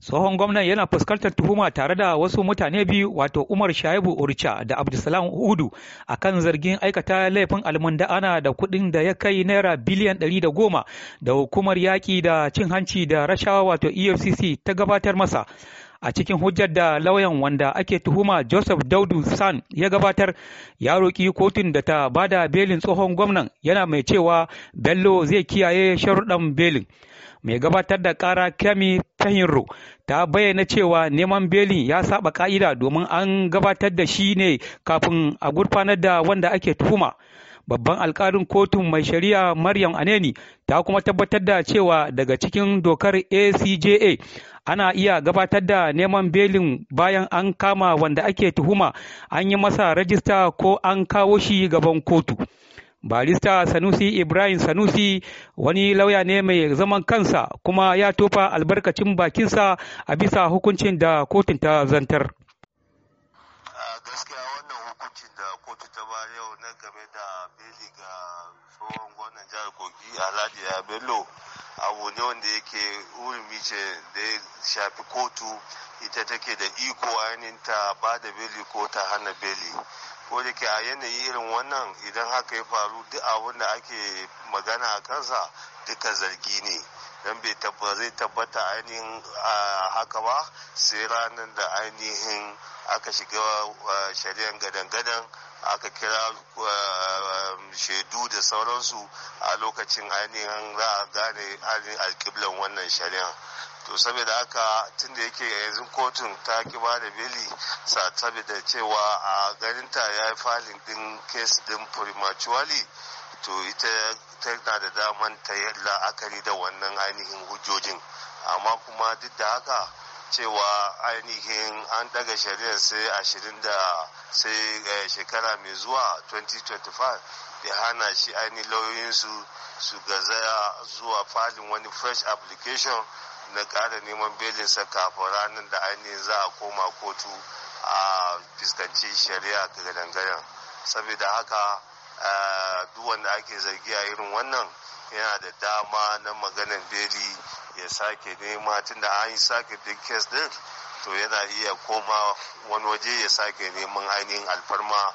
Tsohon gwamnan yana fuskantar tuhuma tare da wasu mutane biyu wato Umar Shaibu Oricha da Abdulsalam Hudu kan zargin aikata laifin ana da kuɗin da ya kai naira biliyan ɗari da goma da hukumar yaƙi da cin hanci da rashawa wato EFCC ta gabatar masa. a cikin hujjar da lauyan wanda ake tuhuma Joseph Daudu San ya gabatar ya roƙi kotun da ta bada belin tsohon gwamnan yana mai cewa Bello zai kiyaye sharuɗan belin. mai gabatar da ƙara kemi tahinro ta bayyana cewa neman beli ya saba ka'ida domin an gabatar da shi ne kafin a gurfanar da wanda ake tuhuma babban alkalin kotun mai shari'a maryam aneni ta kuma tabbatar da cewa daga cikin dokar acja ana iya gabatar da neman belin bayan an kama wanda ake tuhuma an yi masa rajista ko an kawo shi gaban kotu barista sanusi ibrahim sanusi wani lauya ne mai zaman kansa kuma ya tofa albarkacin bakinsa a bisa hukuncin da kotun ta zantar gaskiya wannan hukuncin da kotu ta ba yau na game da beli ga tsohon jihar alhaji abu ne wanda yake hurumi ce da ya shafi kotu ita take da iko ainihin ta ba da beli ko ta hana beli ko da ke a yanayi irin wannan idan haka ya faru duk abin da ake magana a kansa duka zargi ne don bai zai tabbata ainihin haka ba sai ranar da ainihin aka shiga shari'ar gadan-gadan aka kira shaidu da sauransu a lokacin ainihin za a gane alƙiblan wannan shari'a to saboda haka tun da yake yanzu kotun ta ki ba da beli saboda cewa a ganin ta ya yi falin din kes din primatuali to ita tana da daman ta yi la'akari da wannan ainihin hujjojin amma kuma duk da haka cewa ainihin an daga shari'ar sai ashirin da sai eh, shekara mai zuwa 2025 da hana shi ainihin lauyoyinsu su gazaya zuwa falin wani fresh application na ƙara neman belinsa kafin ranar da ainihin za a koma kotu a fuskanci shari'a ga saboda haka duk wanda ake zargi a irin wannan yana da dama na maganin beli ya sake nema tunda an yi sake duk kes din to yana iya koma wani waje ya sake neman ainihin alfarma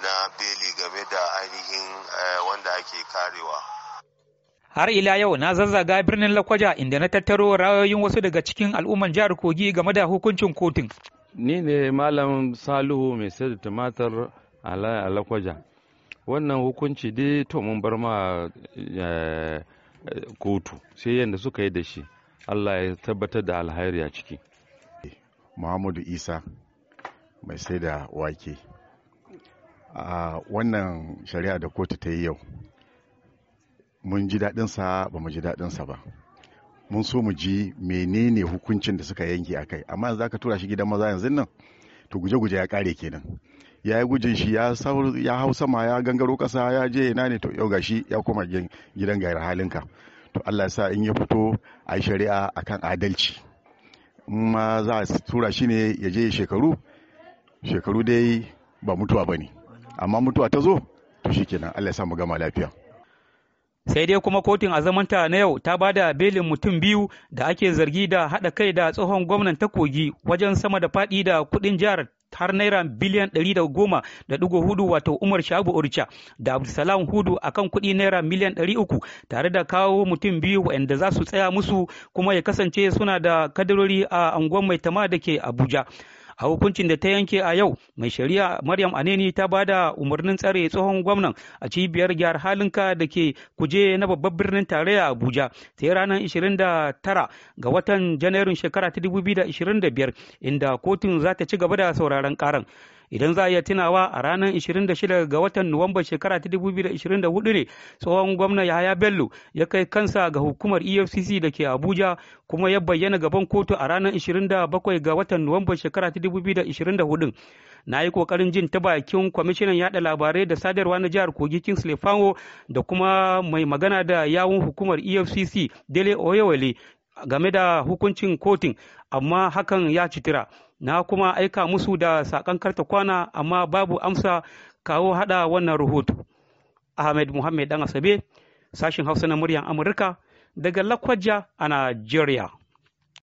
na beli game da ainihin eh, wanda ake karewa. har ila yau na zazzaga birnin lakwaja inda na tattaro ra'ayoyin wasu daga cikin al'umman jihar kogi game da hukuncin kotun ni ne malam salihu mai sayar da tumatir a lakwaja wannan hukunci dai to mun bar ma eh, kotu sai yadda suka yi da shi allah ya tabbatar da alhairi a ciki muhammadu isa mai sai da wake a ah, wannan shari'a da kotu ta yi yau mun ji daɗinsa ba mu ji daɗinsa ba mun so mu ji menene hukuncin da suka yanke a kai amma yanzu aka tura shi gidan maza yanzu nan to guje-guje ya kare kenan ya yi gujin shi ya hau sama ya gangaro kasa ya je ina ne to yau gashi ya koma gidan gayar halinka to Allah sa in ya fito a yi shari'a akan adalci ma za a tura shi ne ya je shekaru shekaru dai ba mutuwa ba ne amma mutuwa ta zo to shikenan Allah ya sa mu gama lafiya sai dai kuma kotun azamanta na yau ta bada belin mutum biyu da ake zargi da haɗa kai da tsohon gwamnan ta kogi wajen sama da faɗi da kuɗin jihar har naira biliyan ɗari da goma da ɗigo hudu wato umar shabu orcha da abdulsalam hudu akan kuɗi naira miliyan ɗari uku tare da kawo mutum biyu waɗanda za su tsaya musu kuma ya kasance suna da kadarori a unguwar mai tama da ke abuja a hukuncin da ta yanke a yau mai shari'a maryam aneni ta ba da umarnin tsare tsohon gwamnan a cibiyar gyar halinka da ke kuje na babban birnin tarayya abuja sai ranar 29 ga watan janairun shekara ta 2025 inda kotun za ta ci gaba da sauraron karan idan za a iya tunawa a ranar 26 ga watan nuwamba shekara ta 2024 ne tsohon gwamna yahaya bello ya kai kansa ga hukumar efcc da ke abuja kuma ya bayyana gaban kotu a ranar 27 ga watan nuwamba shekara ta 2024 na yi kokarin jin ta bakin kwamishinan yada labarai da sadarwa na jihar kogi kingsley fango da kuma mai magana da yawun hukumar efcc dele oyewale game da hukuncin kotun amma hakan ya citira. na kuma aika musu da saƙon karta kwana amma babu amsa kawo haɗa wannan rahoto ahmed muhammed dan asabe sashin hausa na muryan amurka daga lakwaja a nigeria